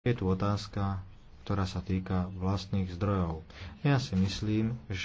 Je tu otázka, ktorá sa týka vlastných zdrojov. Ja si myslím, že